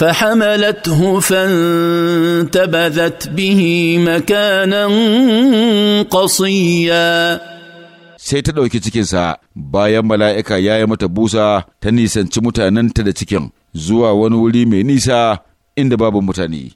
فحملته فانتبذت به مكانا قصيا sai ta ɗauki cikinsa bayan mala'ika ya yi mata busa ta nisanci mutanenta da cikin zuwa wani wuri mai nisa inda babu mutane.